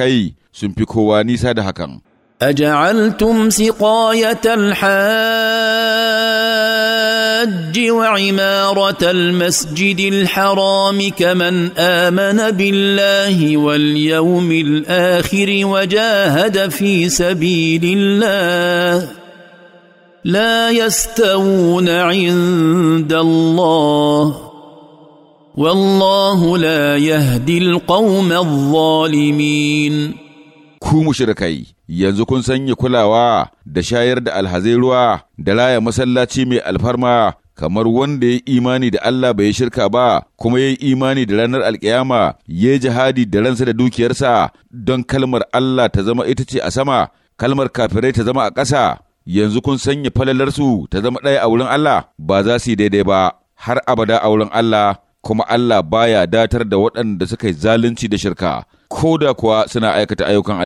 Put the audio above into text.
kai sun fi kowa nisa da hakan. أجعلتم سقاية الحاج وعمارة المسجد الحرام كمن آمن بالله واليوم الآخر وجاهد في سبيل الله لا يستوون عند الله والله لا يهدي القوم الظالمين ku mushrikai yanzu kun sanya kulawa da shayar da alhazai ruwa da raya masallaci mai alfarma kamar wanda ya imani da Allah bai shirka ba kuma ya imani da ranar alkiyama ya jihadi da ransa da dukiyarsa don kalmar Allah ta zama ita ce a sama kalmar kafirai ta zama a ƙasa yanzu kun sanya falalarsu ta zama ɗaya a wurin Allah ba za su yi daidai ba har abada a wurin Allah kuma Allah baya datar da waɗanda suka yi zalunci da shirka ko da kuwa suna aikata ayyukan